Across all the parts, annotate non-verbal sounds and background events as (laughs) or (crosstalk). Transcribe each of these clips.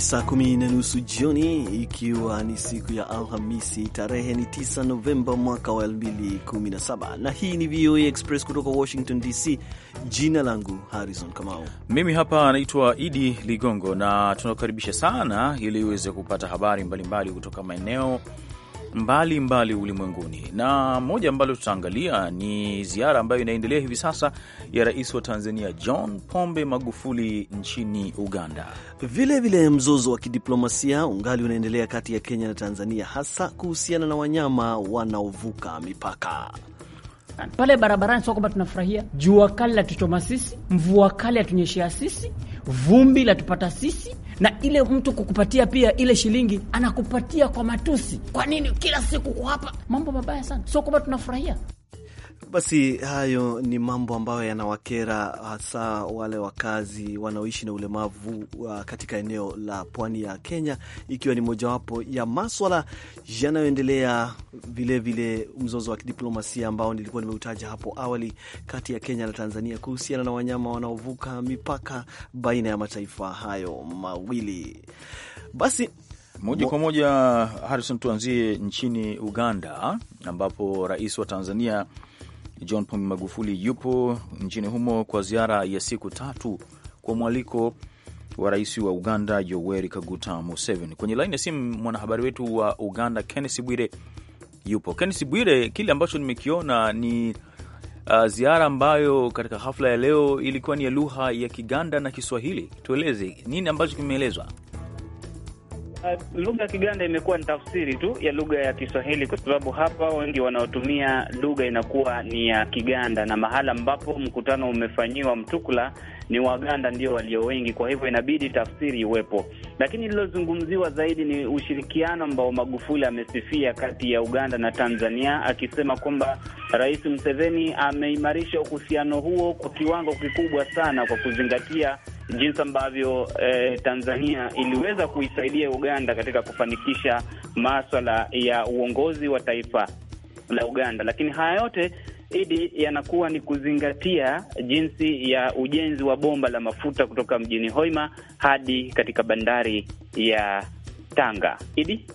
saa kumi na nusu jioni ikiwa ni siku ya Alhamisi, tarehe ni 9 Novemba mwaka wa 2017, na hii ni VOA Express kutoka Washington DC. Jina langu Harrison Kamau, mimi hapa anaitwa Idi Ligongo, na tunakukaribisha sana ili uweze kupata habari mbalimbali mbali kutoka maeneo mbalimbali ulimwenguni, na moja ambalo tutaangalia ni ziara ambayo inaendelea hivi sasa ya rais wa Tanzania John Pombe Magufuli nchini Uganda. Vilevile vile mzozo wa kidiplomasia ungali unaendelea kati ya Kenya na Tanzania, hasa kuhusiana na wanyama wanaovuka mipaka pale barabarani. Sio kwamba tunafurahia jua kali latuchoma sisi, mvua kali atunyeshea sisi vumbi la tupata sisi, na ile mtu kukupatia pia ile shilingi anakupatia kwa matusi. Kwa nini kila siku hapa mambo mabaya sana? Sio kwamba tunafurahia basi hayo ni mambo ambayo yanawakera hasa wale wakazi wanaoishi na ulemavu uh, katika eneo la pwani ya Kenya, ikiwa ni mojawapo ya maswala yanayoendelea, vilevile mzozo wa kidiplomasia ambao nilikuwa nimeutaja hapo awali kati ya Kenya na Tanzania kuhusiana na wanyama wanaovuka mipaka baina ya mataifa hayo mawili. Basi moja kwa moja Harrison, tuanzie nchini Uganda ambapo rais wa Tanzania John Pombe Magufuli yupo nchini humo kwa ziara ya siku tatu kwa mwaliko wa rais wa Uganda Yoweri Kaguta Museveni. Kwenye laini ya simu mwanahabari wetu wa Uganda kennes Bwire yupo. Kenneth Bwire, kile ambacho nimekiona ni uh, ziara ambayo katika hafla ya leo ilikuwa ni ya lugha ya Kiganda na Kiswahili. Tueleze nini ambacho kimeelezwa? Uh, lugha ya Kiganda imekuwa ni tafsiri tu ya lugha ya Kiswahili kwa sababu hapa wengi wanaotumia lugha inakuwa ni ya Kiganda, na mahala ambapo mkutano umefanyiwa Mtukula ni Waganda ndio walio wengi, kwa hivyo inabidi tafsiri iwepo. Lakini lililozungumziwa zaidi ni ushirikiano ambao Magufuli amesifia kati ya Uganda na Tanzania, akisema kwamba Rais Museveni ameimarisha uhusiano huo kwa kiwango kikubwa sana kwa kuzingatia jinsi ambavyo eh, Tanzania iliweza kuisaidia Uganda katika kufanikisha maswala ya uongozi wa taifa la Uganda, lakini haya yote idi yanakuwa ni kuzingatia jinsi ya ujenzi wa bomba la mafuta kutoka mjini Hoima hadi katika bandari ya Tanga idi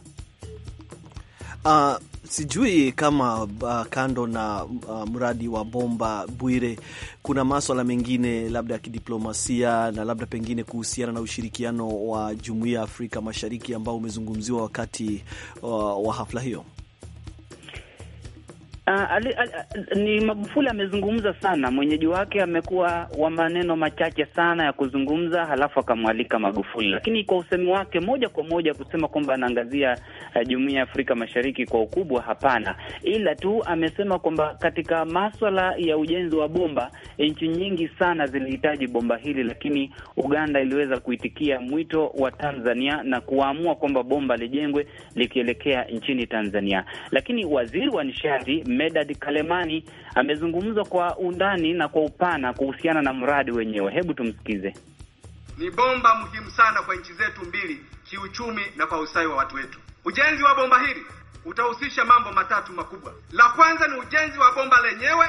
uh... Sijui kama uh, kando na uh, mradi wa bomba Bwire, kuna maswala mengine labda ya kidiplomasia na labda pengine kuhusiana na ushirikiano wa jumuiya ya Afrika Mashariki ambao umezungumziwa wakati uh, wa hafla hiyo. Uh, ali, ali, ni Magufuli amezungumza sana, mwenyeji wake amekuwa wa maneno machache sana ya kuzungumza, halafu akamwalika Magufuli, lakini kwa usemi wake moja kwa moja kusema kwamba anaangazia uh, jumuiya ya Afrika Mashariki kwa ukubwa, hapana, ila tu amesema kwamba katika maswala ya ujenzi wa bomba, nchi nyingi sana zilihitaji bomba hili, lakini Uganda iliweza kuitikia mwito wa Tanzania na kuamua kwamba bomba lijengwe likielekea nchini Tanzania, lakini waziri wa nishati Medad Kalemani amezungumza kwa undani na kwa upana kuhusiana na mradi wenyewe. Hebu tumsikize. Ni bomba muhimu sana kwa nchi zetu mbili kiuchumi na kwa ustawi wa watu wetu. Ujenzi wa bomba hili utahusisha mambo matatu makubwa. La kwanza ni ujenzi wa bomba lenyewe,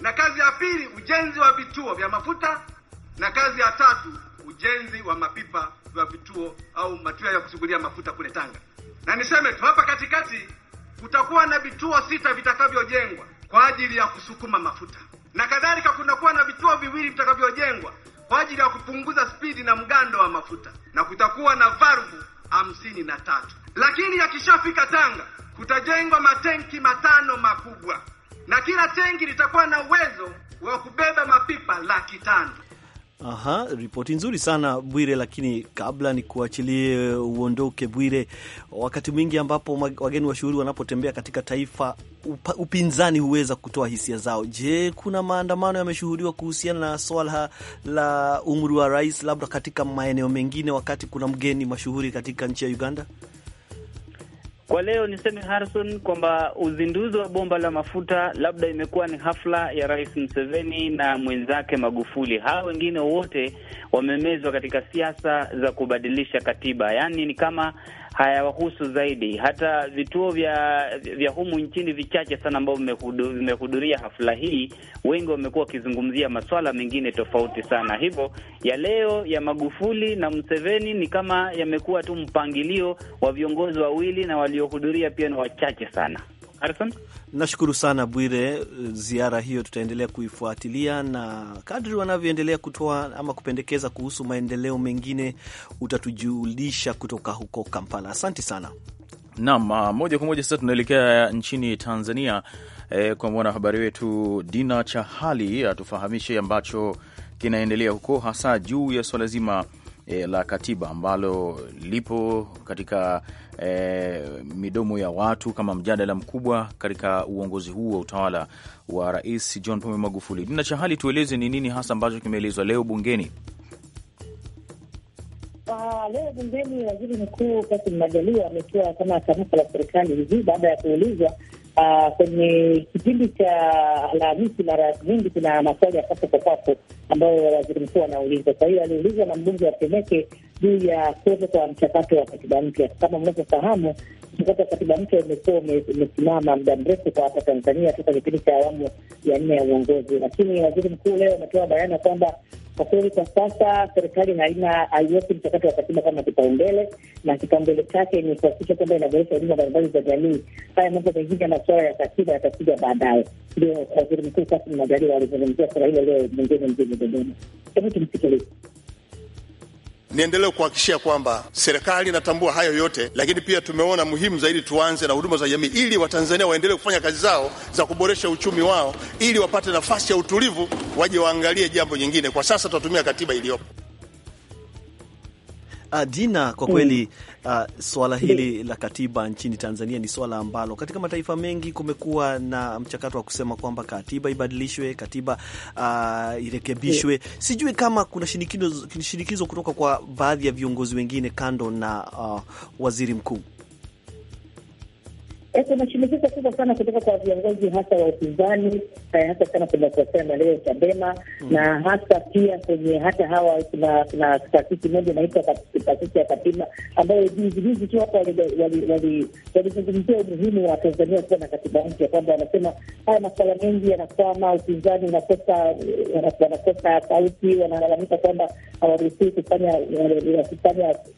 na kazi ya pili ujenzi wa vituo vya mafuta, na kazi ya tatu ujenzi wa mapipa vya vituo au matua ya kusugulia mafuta kule Tanga. Na niseme tu hapa katikati kutakuwa na vituo sita vitakavyojengwa kwa ajili ya kusukuma mafuta na kadhalika. Kunakuwa na vituo viwili vitakavyojengwa kwa ajili ya kupunguza spidi na mgando wa mafuta, na kutakuwa na valvu hamsini na tatu. Lakini yakishafika Tanga, kutajengwa matenki matano makubwa, na kila tenki litakuwa na uwezo wa kubeba mapipa laki tano. Aha, ripoti nzuri sana Bwire, lakini kabla ni kuachilie uondoke Bwire, wakati mwingi ambapo wageni washuhuri wanapotembea katika taifa upa, upinzani huweza kutoa hisia zao. Je, kuna maandamano yameshuhudiwa kuhusiana na swala la umri wa rais, labda katika maeneo mengine, wakati kuna mgeni mashuhuri katika nchi ya Uganda? Kwa leo niseme Harrison, kwamba uzinduzi wa bomba la mafuta labda imekuwa ni hafla ya Rais Museveni na mwenzake Magufuli. Hawa wengine wote wamemezwa katika siasa za kubadilisha katiba, yaani ni kama hayawahusu zaidi. Hata vituo vya vya humu nchini vichache sana ambavyo vimehudhuria hafla hii, wengi wamekuwa wakizungumzia maswala mengine tofauti sana. Hivyo ya leo ya Magufuli na Mseveni ni kama yamekuwa tu mpangilio wa viongozi wawili, na waliohudhuria pia ni wachache sana. Harrison, nashukuru sana Bwire, ziara hiyo tutaendelea kuifuatilia na kadri wanavyoendelea kutoa ama kupendekeza kuhusu maendeleo mengine utatujulisha kutoka huko Kampala. Asante sana. Naam, ah, moja kwa moja sasa tunaelekea nchini Tanzania eh, kwa mwanahabari wetu Dina Chahali atufahamishe ambacho kinaendelea huko hasa juu ya swala zima e, la katiba ambalo lipo katika e, midomo ya watu kama mjadala mkubwa katika uongozi huu wa utawala wa Rais John Pombe Magufuli. Dina Chahali, tueleze ni nini hasa ambacho kimeelezwa leo bungeni? Ah, leo bungeni waziri mkuu Kassim Majaliwa ametoa kama tamko la serikali hivi baada ya kuulizwa ah, kwenye kipindi cha Alhamisi mara nyingi kuna maswali ya papo kwa papo ambayo waziri mkuu anaulizwa. Kwa hiyo aliulizwa na mbunge wa Temeke juu ya kuwepo kwa mchakato wa katiba mpya. Kama mnavyofahamu, mchakato wa katiba mpya umekuwa umesimama muda mrefu kwa hapa Tanzania toka kipindi cha awamu ya nne ya uongozi, lakini waziri mkuu leo ametoa bayana kwamba kwa kweli kwa sasa serikali haina haiweki mchakato wa katiba kama kipaumbele, na kipaumbele chake ni kuhakikisha kwamba inaboresha huduma mbalimbali za jamii. Haya mambo mengine, masuala ya katiba yatakuja baadaye. Ndio waziri mkuu Kassim Majaliwa alizungumzia suala hilo leo bungeni mjini Niendelee kuhakikishia kwamba serikali inatambua hayo yote, lakini pia tumeona muhimu zaidi tuanze na huduma za jamii ili Watanzania waendelee kufanya kazi zao za kuboresha uchumi wao, ili wapate nafasi ya utulivu, waje waangalie jambo nyingine. Kwa sasa tunatumia katiba iliyopo. Ah, Dina, kwa kweli mm. uh, swala hili mm. la katiba nchini Tanzania ni swala ambalo katika mataifa mengi kumekuwa na mchakato wa kusema kwamba katiba ibadilishwe, katiba uh, irekebishwe mm. Sijui kama kuna shinikizo, shinikizo kutoka kwa baadhi ya viongozi wengine kando na uh, waziri mkuu kuna shinikizo kubwa sana kutoka kwa viongozi hasa wa upinzani, hasa sana kwa maleo ya maendeleo CHADEMA, mm. na hasa pia kwenye hata hawa, kuna taasisi moja inaitwa taasisi ya katiba ambayo juzi juzi tu hapa walizungumzia umuhimu wa Tanzania kuwa na katiba mpya, kwamba wanasema haya masuala mengi yanakwama, upinzani unakosa wanakosa sauti, wanalalamika kwamba hawaruhusiwi kufanya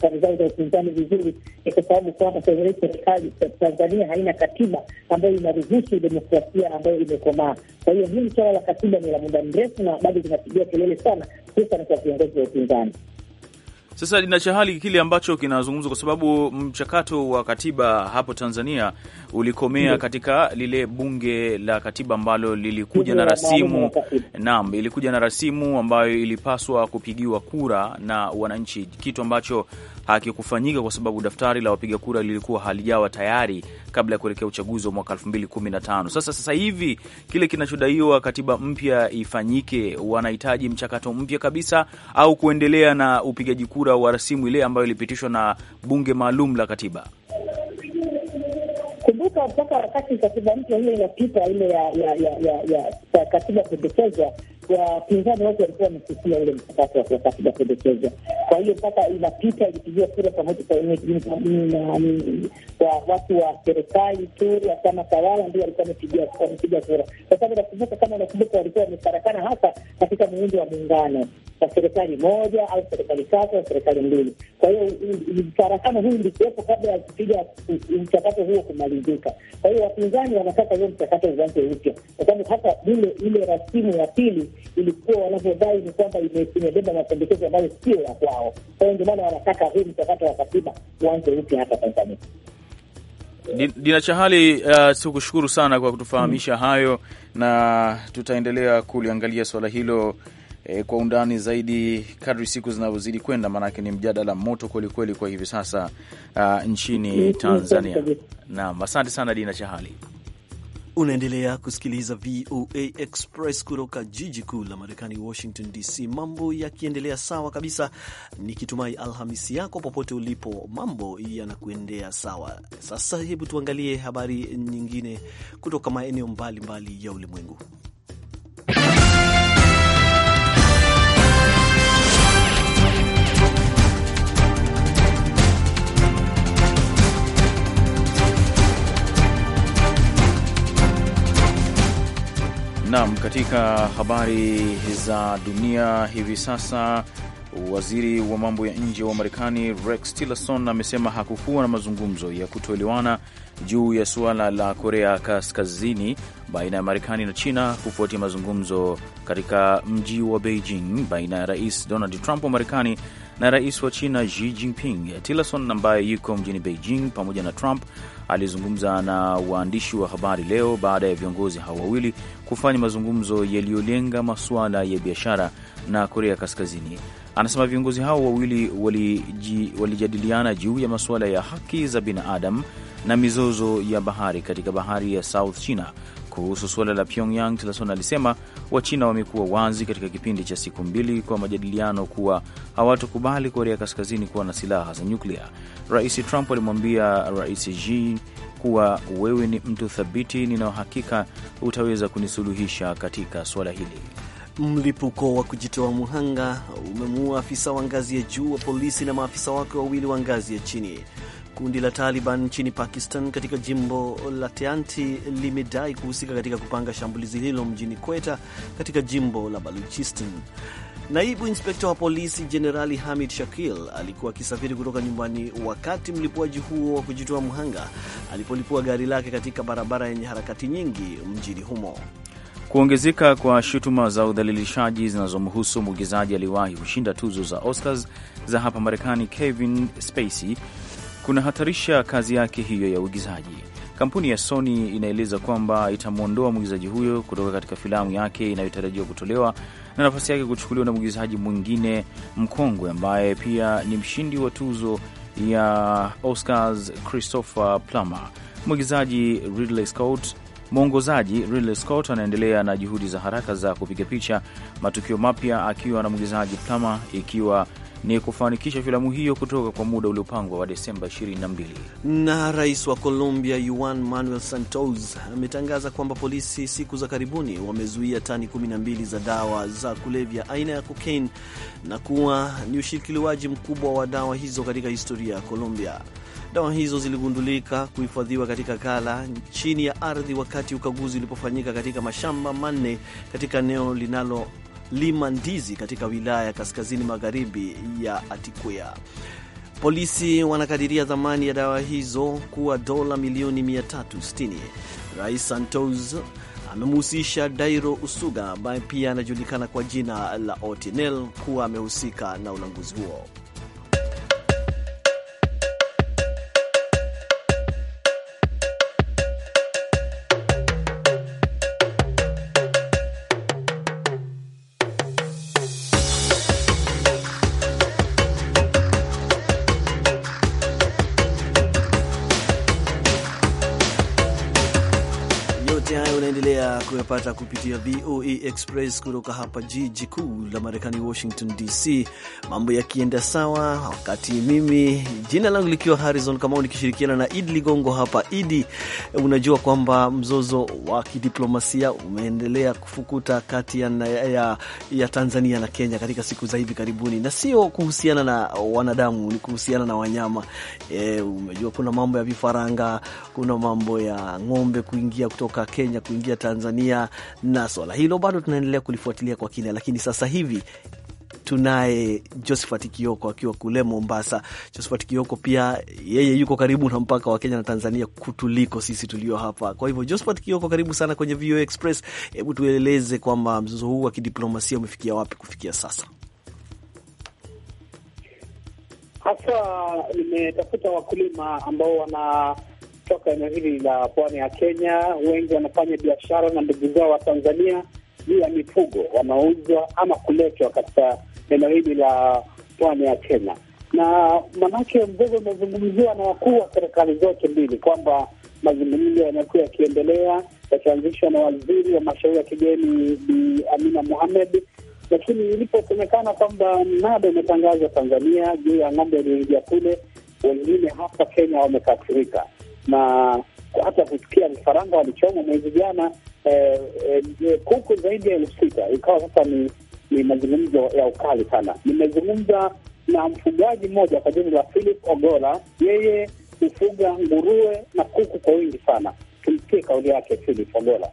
kazi zao za upinzani vizuri, kwa sababu kwamba serikali Tanzania haina haina katiba ambayo inaruhusu demokrasia ambayo imekomaa. Kwa hiyo hili swala la katiba ni la muda mrefu na bado linapigia kelele sana, hususan kwa viongozi wa upinzani. Sasa ina hali kile ambacho kinazungumzwa, kwa sababu mchakato wa katiba hapo Tanzania ulikomea katika lile bunge la katiba ambalo lilikuja na rasimu. Naam, ilikuja na rasimu ambayo ilipaswa kupigiwa kura na wananchi, kitu ambacho hakikufanyika kwa sababu daftari la wapiga kura lilikuwa halijawa tayari kabla ya kuelekea uchaguzi wa mwaka 2015. Sasa sasa hivi kile kinachodaiwa katiba mpya ifanyike, wanahitaji mchakato mpya kabisa au kuendelea na upigaji kura kura wa rasimu ile ambayo ilipitishwa na bunge maalum la katiba. Kumbuka mpaka wakati katiba mpya hiyo inapita ile ya ya ya ya katiba pendekezwa, wapinzani wote walikuwa wamesusia ule mchakato wa katiba pendekezwa kwa hiyo mpaka inapita ilipigiwa kura moja kwa watu wa serikali tu wa chama tawala, ndio walikuwa wamepiga kura, kwa sababu nakumbuka, kama unakumbuka, walikuwa wamefarakana hasa katika muundo wa muungano wa serikali moja au serikali tatu au serikali mbili. Kwa hiyo mfarakano huu ulikuwepo kabla ya kupiga mchakato huo kumalizika. Kwa hiyo wapinzani wanataka huo mchakato uanze upya, kwa sababu hata ile rasimu ya pili ilikuwa wanavyodai ni kwamba imebeba mapendekezo ambayo sio ya kwao wao. Kwa hiyo ndio maana wanataka huu mchakato wa katiba uanze upya hapa Tanzania. Dina Chahali, uh, sikushukuru sana kwa kutufahamisha hmm, hayo na tutaendelea kuliangalia swala hilo eh, kwa undani zaidi kadri siku zinavyozidi kwenda, maanake ni mjadala moto kwelikweli kwa hivi sasa uh, nchini mm, mm, Tanzania. Mm, Naam, asante sana Dina Chahali. Unaendelea kusikiliza VOA Express kutoka jiji kuu la Marekani, Washington DC. Mambo yakiendelea sawa kabisa, nikitumai Alhamisi yako popote ulipo, mambo yanakuendea sawa. Sasa hebu tuangalie habari nyingine kutoka maeneo mbalimbali ya ulimwengu. Naam, katika habari za dunia hivi sasa, waziri wa mambo ya nje wa Marekani Rex Tillerson amesema hakukuwa na mazungumzo ya kutoelewana juu ya suala la Korea Kaskazini baina ya Marekani na China kufuatia mazungumzo katika mji wa Beijing baina ya Rais Donald Trump wa Marekani na rais wa China Xi Jinping. Tillerson ambaye yuko mjini Beijing pamoja na Trump alizungumza na waandishi wa habari leo baada ya viongozi hao wawili kufanya mazungumzo yaliyolenga masuala ya biashara na Korea Kaskazini. Anasema viongozi hao wawili walijadiliana wali juu ya masuala ya haki za binadamu na mizozo ya bahari katika bahari ya South China kuhusu suala la Pyongyang, Tillerson alisema Wachina wamekuwa wazi katika kipindi cha siku mbili kwa majadiliano kuwa hawatokubali Korea Kaskazini kuwa na silaha za nyuklia. Rais Trump alimwambia Rais Xi kuwa wewe ni mtu thabiti, nina uhakika utaweza kunisuluhisha katika suala hili. Mlipuko wa kujitoa muhanga umemuua afisa wa ngazi ya juu wa polisi na maafisa wake wawili wa ngazi ya chini. Kundi la Taliban nchini Pakistan katika jimbo la Teanti limedai kuhusika katika kupanga shambulizi hilo mjini Quetta katika jimbo la Baluchistan. Naibu inspekta wa polisi Jenerali Hamid Shakil alikuwa akisafiri kutoka nyumbani wakati mlipuaji huo wa kujitoa mhanga alipolipua gari lake katika barabara yenye harakati nyingi mjini humo. Kuongezeka kwa shutuma za udhalilishaji zinazomhusu mwigizaji aliwahi kushinda tuzo za Oscars za hapa Marekani Kevin Spacey kunahatarisha kazi yake hiyo ya uigizaji. Kampuni ya Sony inaeleza kwamba itamwondoa mwigizaji huyo kutoka katika filamu yake inayotarajiwa kutolewa na nafasi yake kuchukuliwa na mwigizaji mwingine mkongwe ambaye pia ni mshindi wa tuzo ya Oscars, Christopher Plummer. Mwigizaji Ridley Scott mwongozaji Ridley Scott anaendelea na juhudi za haraka za kupiga picha matukio mapya akiwa na mwigizaji Plummer, ikiwa ni kufanikisha filamu hiyo kutoka kwa muda uliopangwa wa Desemba 22. Na rais wa Colombia Juan Manuel Santos ametangaza kwamba polisi siku za karibuni wamezuia tani 12 za dawa za kulevya aina ya kokaini na kuwa ni ushikiliwaji mkubwa wa dawa hizo katika historia ya Colombia. Dawa hizo ziligundulika kuhifadhiwa katika kala chini ya ardhi wakati ukaguzi ulipofanyika katika mashamba manne katika eneo linalo lima ndizi katika wilaya ya kaskazini magharibi ya Atikwea. Polisi wanakadiria thamani ya dawa hizo kuwa dola milioni 360. Rais Santos amemhusisha Dairo Usuga ambaye pia anajulikana kwa jina la Otinel kuwa amehusika na ulanguzi huo. kupitia VOA Express kutoka hapa jiji kuu la Marekani, Washington DC. Mambo yakienda sawa, wakati mimi jina langu likiwa Harrison Kamau nikishirikiana na Idi Ligongo hapa. Idi, unajua kwamba mzozo wa kidiplomasia umeendelea kufukuta kati ya, ya, ya Tanzania na Kenya katika siku za hivi karibuni, na sio kuhusiana na wanadamu, ni kuhusiana na wanyama. E, umejua kuna mambo ya vifaranga, kuna mambo ya ng'ombe kuingia kutoka Kenya kuingia Tanzania na swala hilo bado tunaendelea kulifuatilia kwa kina, lakini sasa hivi tunaye Josephat Kioko akiwa kule Mombasa. Josephat Kioko pia yeye yuko karibu na mpaka wa Kenya na Tanzania kutuliko sisi tulio hapa. Kwa hivyo, Josephat Kioko, karibu sana kwenye VOA Express. Hebu tueleze kwamba mzozo huu wa kidiplomasia umefikia wapi kufikia sasa? Hasa nimetafuta wakulima ambao wana kutoka eneo hili la pwani ya Kenya. Wengi wanafanya biashara na ndugu zao wa Tanzania juu ya mifugo wanauzwa ama kuletwa katika eneo hili la pwani ya Kenya, na manake mzozo umezungumziwa na wakuu wa serikali zote mbili kwamba mazungumzo yamekuwa yakiendelea yakianzishwa na waziri wa mashauri ya kigeni Bi Amina Mohamed, lakini iliposemekana kwamba mnada umetangazwa Tanzania juu ya ng'ombe iliyoingia kule, wengine hapa Kenya wamekasirika na hata kusikia vifaranga walichoma mwezi jana eh, eh, eh, kuku zaidi ya elfu sita. Ikawa sasa ni, ni mazungumzo ya ukali sana. Nimezungumza na mfugaji mmoja kwa jina la Philip Ogola, yeye hufuga nguruwe na kuku kwa wingi sana. Tumsikie kauli yake Philip Ogola.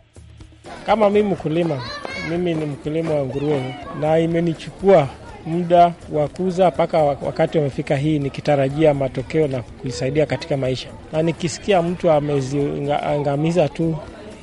Kama mimi mkulima, mimi ni mkulima wa nguruwe na imenichukua muda wa kuza mpaka wakati wamefika. Hii nikitarajia matokeo na kuisaidia katika maisha, na nikisikia mtu ameziangamiza tu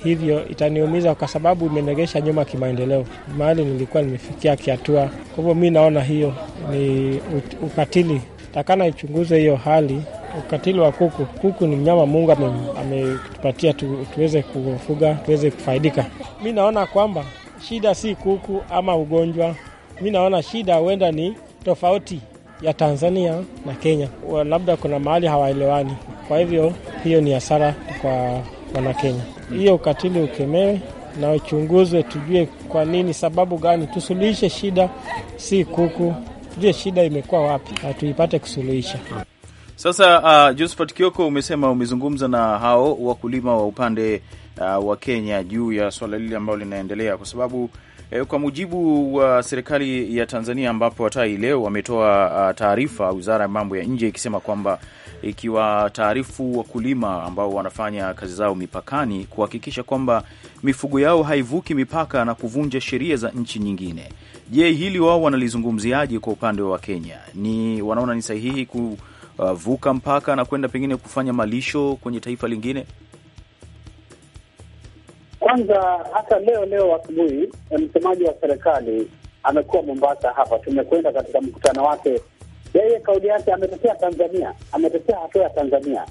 hivyo itaniumiza kwa sababu imenegesha nyuma kimaendeleo, mahali nilikuwa nimefikia kihatua. Kwa hivyo mi naona hiyo ni ukatili, takana ichunguze hiyo hali, ukatili wa kuku. Kuku ni mnyama Mungu ametupatia tu, tuweze kufuga tuweze kufaidika. Mi naona kwamba shida si kuku ama ugonjwa mi naona shida huenda ni tofauti ya Tanzania na Kenya, labda kuna mahali hawaelewani. Kwa hivyo hiyo ni hasara kwa Wanakenya. Hiyo ukatili ukemewe na uchunguzwe, tujue kwa nini, sababu gani, tusuluhishe shida, si kuku. Tujue shida imekuwa wapi na tuipate kusuluhisha. Sasa uh, Josephat Kioko, umesema umezungumza na hao wakulima wa upande uh, wa Kenya juu ya swala lile ambalo linaendelea, kwa sababu E, kwa mujibu wa serikali ya Tanzania ambapo hata hii leo wametoa taarifa Wizara ya Mambo ya Nje ikisema kwamba ikiwa taarifu wakulima ambao wanafanya kazi zao mipakani kuhakikisha kwamba mifugo yao haivuki mipaka na kuvunja sheria za nchi nyingine. Je, hili wao wanalizungumziaje? Kwa upande wa Kenya, ni wanaona ni sahihi kuvuka mpaka na kwenda pengine kufanya malisho kwenye taifa lingine? Kwanza hata leo leo asubuhi, msemaji wa serikali amekuwa Mombasa hapa, tumekwenda katika mkutano wake. Yeye kauli yake ametetea Tanzania, ametetea hatua ya Tanzania,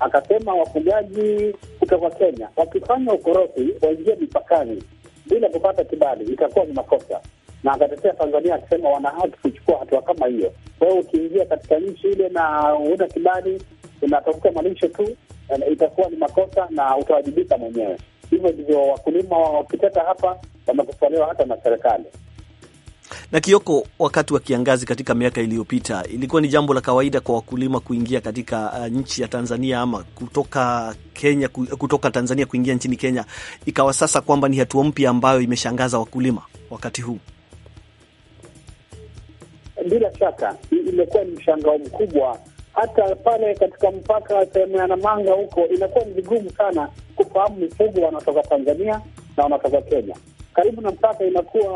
akasema wafugaji kutoka Kenya wakifanya ukorofi waingie mipakani bila kupata kibali itakuwa ni makosa, na akatetea Tanzania akisema wana haki kuchukua hatua kama hiyo. Kwa hiyo ukiingia katika nchi ile na huna kibali unatafuta malisho tu, itakuwa ni makosa na utawajibika mwenyewe. Hivyo ndivyo wakulima wakiteta hapa, wamekufaliwa hata na serikali. Na Kioko, wakati wa kiangazi katika miaka iliyopita, ilikuwa ni jambo la kawaida kwa wakulima kuingia katika uh, nchi ya Tanzania ama kutoka Kenya, kutoka Tanzania kuingia nchini Kenya. Ikawa sasa kwamba ni hatua mpya ambayo imeshangaza wakulima wakati huu. Bila shaka imekuwa ni mshangao mkubwa hata pale katika mpaka sehemu ya Namanga huko inakuwa ni vigumu sana kufahamu mifugo wanatoka Tanzania na wanatoka Kenya. Karibu na mpaka inakuwa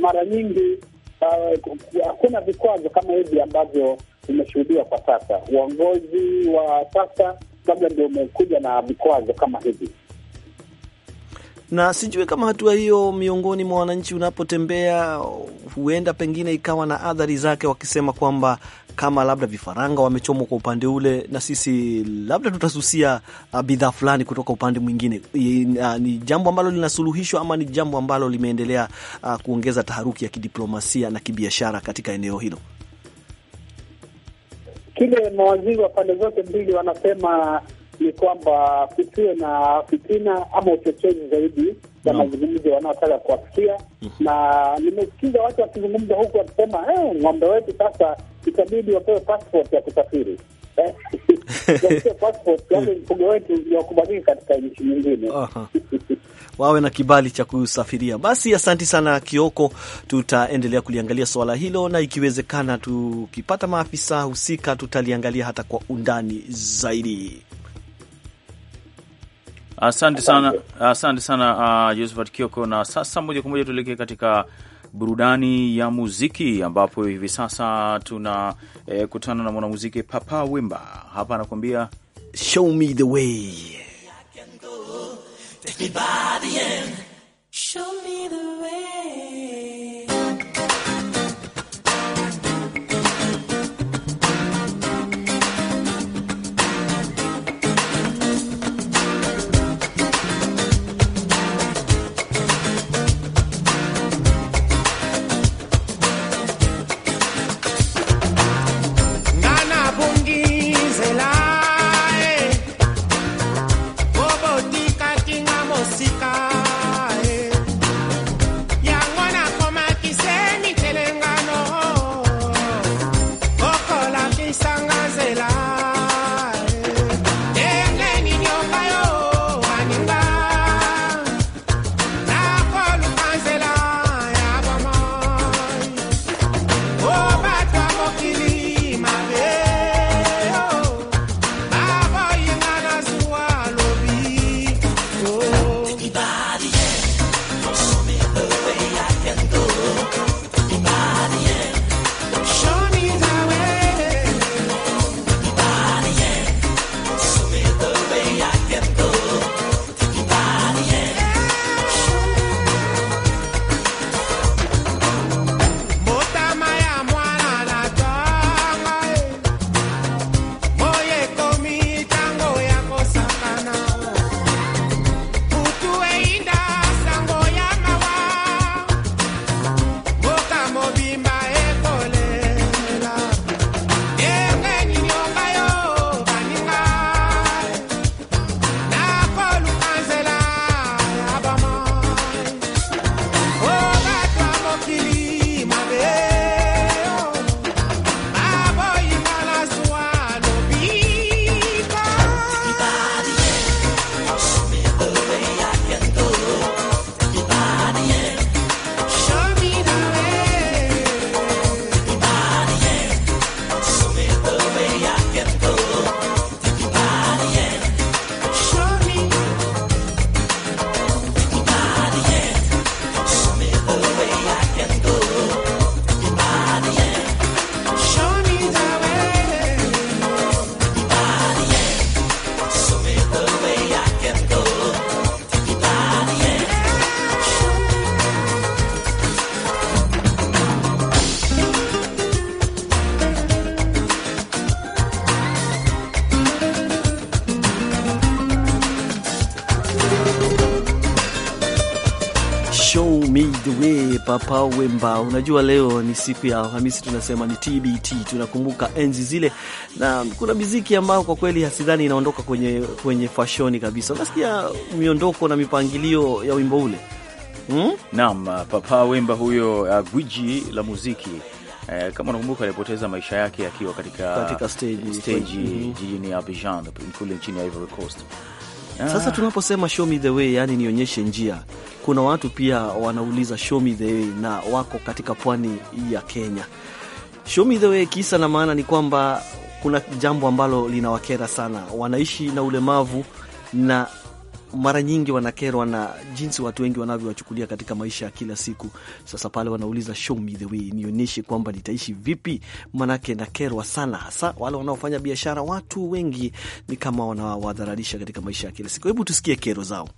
mara nyingi uh, hakuna uh, vikwazo kama hivi ambavyo vimeshuhudiwa kwa sasa. Uongozi wa sasa labda ndio umekuja na vikwazo kama hivi na sijui kama hatua hiyo miongoni mwa wananchi unapotembea, huenda pengine ikawa na adhari zake, wakisema kwamba kama labda vifaranga wamechomwa kwa upande ule, na sisi labda tutasusia uh, bidhaa fulani kutoka upande mwingine. Uh, ni jambo ambalo linasuluhishwa ama ni jambo ambalo limeendelea uh, kuongeza taharuki ya kidiplomasia na kibiashara katika eneo hilo? Kile mawaziri wa pande zote mbili wanasema ni kwamba kusiwe na fitina ama uchochezi zaidi za mazungumzo wanaotaka kuwafikia mm-hmm. Na nimesikiza watu wakizungumza huku wakisema eh, ng'ombe wetu sasa itabidi wapewe passport ya kusafiri eh? (laughs) mfugo wetu wakubalika katika nchi nyingine wawe na kibali cha kusafiria. Basi asanti sana Kioko, tutaendelea kuliangalia swala hilo, na ikiwezekana tukipata maafisa husika tutaliangalia hata kwa undani zaidi. Asante sana, asante sana uh, Josephat Kioko. Na sasa moja kwa moja tuelekee katika burudani ya muziki ambapo hivi sasa tuna eh, kutana na mwanamuziki Papa Wemba. Hapa anakuambia show me the way. Papa Wemba. Unajua leo ni siku ya Alhamisi, tunasema ni TBT, tunakumbuka enzi zile, na kuna miziki ambayo kwa kweli hasidhani inaondoka kwenye, kwenye fashoni kabisa. Unasikia miondoko na mipangilio ya wimbo ule hmm? Naam, uh, Papa Wemba huyo, uh, gwiji la muziki Eh, kama unakumbuka alipoteza maisha yake akiwa katika, katika mm-hmm. jijini Abidjan kule nchini Ivory Coast. Sasa ah. tunaposema show me the way, yani nionyeshe njia, kuna watu pia wanauliza show me the way, na wako katika pwani ya Kenya. Show me the way, kisa na maana ni kwamba kuna jambo ambalo linawakera sana, wanaishi na ulemavu na mara nyingi wanakerwa na jinsi watu wengi wanavyowachukulia katika maisha ya kila siku. Sasa pale wanauliza show me the way, nionyeshe kwamba nitaishi vipi, manake nakerwa sana, hasa wale wanaofanya biashara. Watu wengi ni kama wanawadhararisha katika maisha ya kila siku. Hebu tusikie kero zao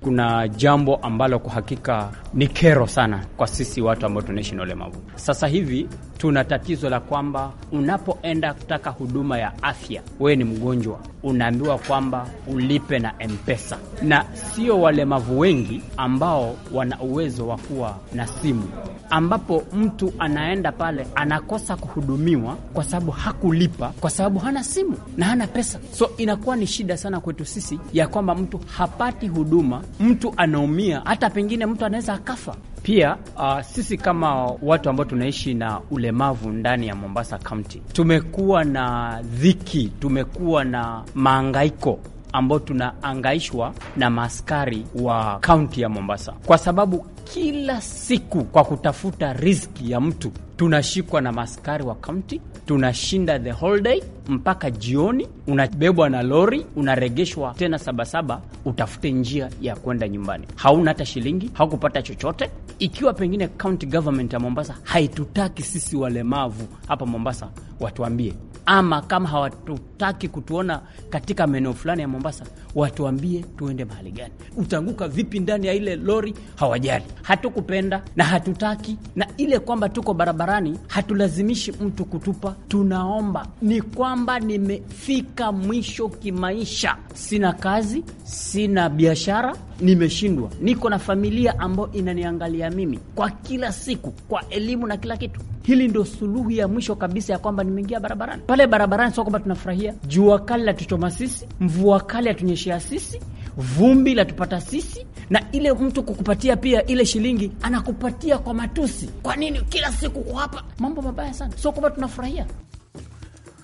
kuna jambo ambalo kwa hakika ni kero sana kwa sisi watu ambao tunaishi na ulemavu. Sasa hivi tuna tatizo la kwamba unapoenda kutaka huduma ya afya, wewe ni mgonjwa, unaambiwa kwamba ulipe na Mpesa, na sio walemavu wengi ambao wana uwezo wa kuwa na simu, ambapo mtu anaenda pale anakosa kuhudumiwa kwa sababu hakulipa, kwa sababu hana simu na hana pesa. So inakuwa ni shida sana kwetu sisi ya kwamba mtu hapati huduma mtu anaumia, hata pengine mtu anaweza akafa pia. Uh, sisi kama watu ambao tunaishi na ulemavu ndani ya Mombasa kaunti tumekuwa na dhiki, tumekuwa na maangaiko ambao tunaangaishwa na maaskari wa kaunti ya Mombasa kwa sababu kila siku kwa kutafuta riziki ya mtu. Tunashikwa na maskari wa kaunti, tunashinda the whole day mpaka jioni, unabebwa na lori, unaregeshwa tena sabasaba, utafute njia ya kwenda nyumbani. Hauna hata shilingi, haukupata chochote. Ikiwa pengine county government ya Mombasa haitutaki sisi walemavu hapa Mombasa, watuambie ama kama hawatutaki kutuona katika maeneo fulani ya Mombasa, watuambie tuende mahali gani. Utaanguka vipi ndani ya ile lori? Hawajali hatukupenda na hatutaki, na ile kwamba tuko barabarani hatulazimishi mtu kutupa. Tunaomba ni kwamba nimefika mwisho kimaisha, sina kazi, sina biashara, nimeshindwa, niko na familia ambayo inaniangalia mimi kwa kila siku, kwa elimu na kila kitu. Hili ndio suluhu ya mwisho kabisa ya kwamba nimeingia barabarani. Pale barabarani sio kwamba tunafurahia jua kali latuchoma sisi, mvua kali atunyeshea sisi vumbi latupata sisi, na ile mtu kukupatia pia ile shilingi anakupatia kwa matusi. Kwa nini kila siku hapa? mambo mabaya sana? Sio kwamba tunafurahia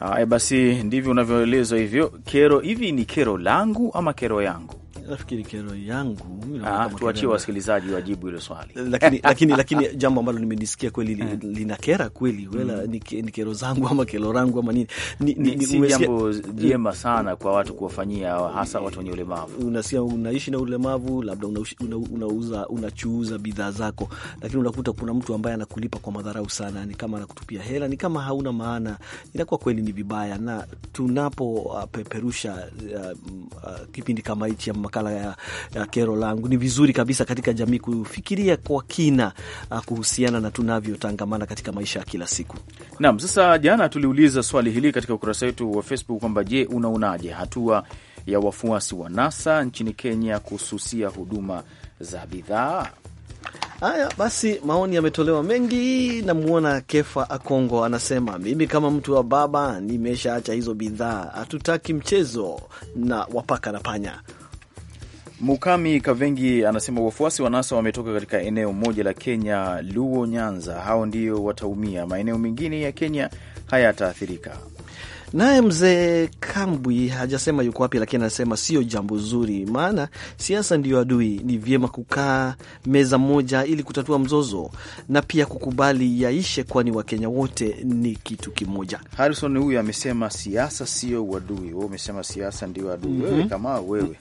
haya. Basi ndivyo unavyoelezwa hivyo. Kero hivi, ni kero langu ama kero yangu? nafikiri kero yangu ah, tuachie wasikilizaji wajibu hilo swali (laughs) lakini, (laughs) lakini, lakini jambo ambalo nimelisikia kweli li, eh. lina kera kweli mm. wela mm. ni kero zangu ama kero rangu ama nini ni, ni, ni, si umesikia... jambo jema sana kwa watu kuwafanyia hasa watu wenye ulemavu. Unasikia unaishi na ulemavu labda unauza unachuuza bidhaa zako, lakini unakuta kuna mtu ambaye anakulipa kwa madharau sana, ni kama anakutupia hela, ni kama hauna maana. Inakuwa kweli ni vibaya, na tunapopeperusha uh, uh, uh, kipindi kama hichi ama makala ya, ya kero langu, ni vizuri kabisa katika jamii kufikiria kwa kina ah, kuhusiana na tunavyotangamana katika maisha ya kila siku. Naam, sasa jana tuliuliza swali hili katika ukurasa wetu wa Facebook kwamba je, unaonaje hatua ya wafuasi wa NASA nchini Kenya kususia huduma za bidhaa? Haya basi, maoni yametolewa mengi. Namwona Kefa Akongo anasema, mimi kama mtu wa baba nimeshaacha hizo bidhaa, hatutaki mchezo na wapaka na panya. Mukami Kavengi anasema wafuasi wa NASA wametoka katika eneo moja la Kenya, Luo Nyanza. Hao ndio wataumia, maeneo mengine ya Kenya hayataathirika. Naye mzee Kambwi hajasema yuko wapi, lakini anasema sio jambo zuri, maana siasa ndiyo adui. Ni vyema kukaa meza moja ili kutatua mzozo na pia kukubali yaishe, kwani Wakenya wote ni kitu kimoja. harison huyu amesema siasa sio uadui, wewe umesema siasa ndio adui. mm -hmm. Wewe kama wewe (laughs)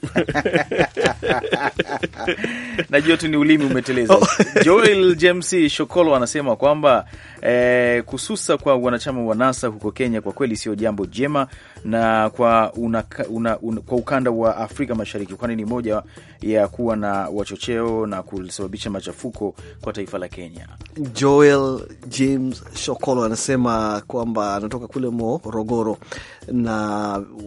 najua tu ni ulimi umeteleza. Oh. (laughs) Joel James Shokolo anasema kwamba eh, kususa kwa wanachama wa NASA huko Kenya kwa kweli sio jambo jema, na kwa, una, una, una, kwa ukanda wa Afrika Mashariki, kwani ni moja ya kuwa na wachocheo na kusababisha machafuko kwa taifa la Kenya. Joel James Shokolo anasema kwamba anatoka kule Morogoro na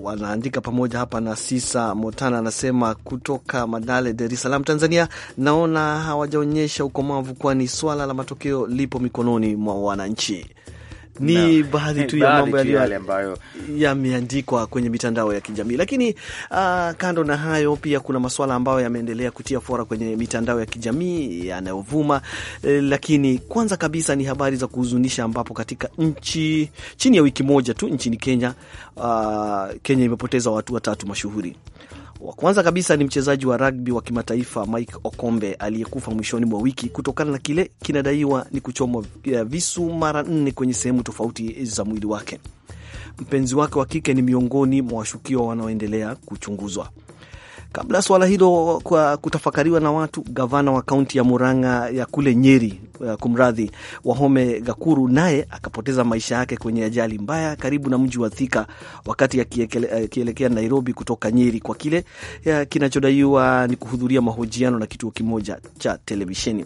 wanaandika pamoja hapa na Sisa Motana anasema kutoka Madale, Dar es Salaam, Tanzania, naona hawajaonyesha ukomavu, kwani swala la matokeo lipo mikononi mwa wananchi ni no. baadhi tu ya mambo yale ambayo yameandikwa kwenye mitandao ya kijamii. Lakini uh, kando na hayo, pia kuna masuala ambayo yameendelea kutia fora kwenye mitandao ya kijamii yanayovuma eh, lakini kwanza kabisa ni habari za kuhuzunisha, ambapo katika nchi chini ya wiki moja tu nchini Kenya, uh, Kenya imepoteza watu watatu mashuhuri wa kwanza kabisa ni mchezaji wa rugby wa kimataifa Mike Okombe aliyekufa mwishoni mwa wiki kutokana na kile kinadaiwa ni kuchomwa eh, visu mara nne kwenye sehemu tofauti za mwili wake. Mpenzi wake wa kike ni miongoni mwa washukiwa wanaoendelea kuchunguzwa. Kabla swala hilo kwa kutafakariwa na watu, gavana wa kaunti ya Murang'a ya kule Nyeri, uh, kumradhi, Wahome Gakuru naye akapoteza maisha yake kwenye ajali mbaya karibu na mji wa Thika wakati akielekea Nairobi kutoka Nyeri kwa kile uh, kinachodaiwa ni kuhudhuria mahojiano na kituo kimoja cha televisheni.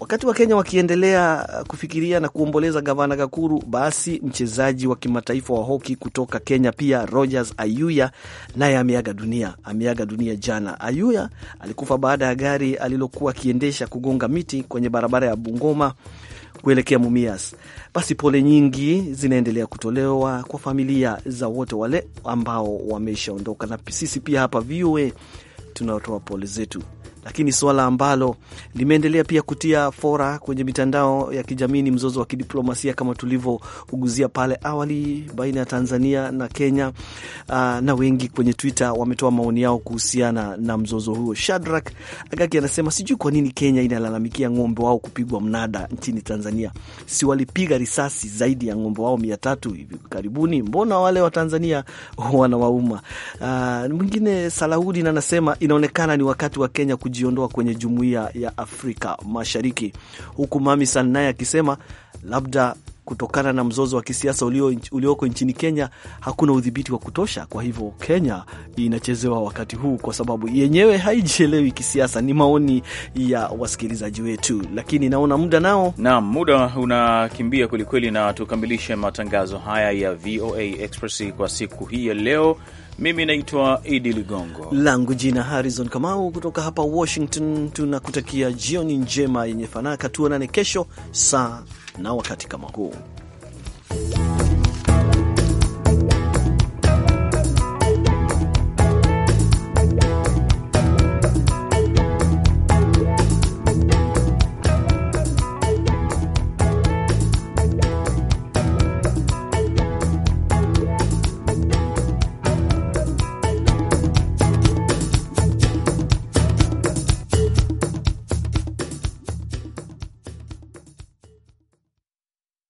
Wakati wa Kenya wakiendelea uh, kufikiria na kuomboleza gavana Gakuru, basi mchezaji wa kimataifa wa hoki kutoka Kenya pia Rogers Ayuya naye ameaga dunia. Ameaga dunia jana. Ayuya alikufa baada ya gari alilokuwa akiendesha kugonga miti kwenye barabara ya Bungoma kuelekea Mumias. Basi pole nyingi zinaendelea kutolewa kwa familia za wote wale ambao wameshaondoka, na sisi pia hapa VOA tunatoa pole zetu. Lakini suala ambalo limeendelea pia kutia fora kwenye mitandao ya kijamii ni mzozo wa kidiplomasia kama tulivyouguzia pale awali baina ya Tanzania na Kenya. Uh, na wengi kwenye Twitter wametoa maoni yao kuhusiana na mzozo huo. Shadrack Agaki anasema sijui kwa nini Kenya inalalamikia ng'ombe wao kupigwa mnada nchini Tanzania. Si walipiga risasi zaidi ya ng'ombe wao mia tatu hivi karibuni? Mbona wale wa Tanzania (laughs) wanawauma? Uh, Mwingine Salahuddin anasema inaonekana ni wakati wa Kenya ku kujiondoa kwenye jumuiya ya Afrika Mashariki, huku Mamisan naye akisema labda kutokana na mzozo wa kisiasa ulioko nchini Kenya hakuna udhibiti wa kutosha, kwa hivyo Kenya inachezewa wakati huu kwa sababu yenyewe haijielewi kisiasa. Ni maoni ya wasikilizaji wetu, lakini naona muda nao, naam, muda unakimbia kwelikweli, na tukamilishe matangazo haya ya VOA Express kwa siku hii ya leo. Mimi naitwa Idi Ligongo, langu jina Harrison Kamau, kutoka hapa Washington. Tunakutakia jioni njema yenye fanaka. Tuonane kesho saa na wakati kama huu.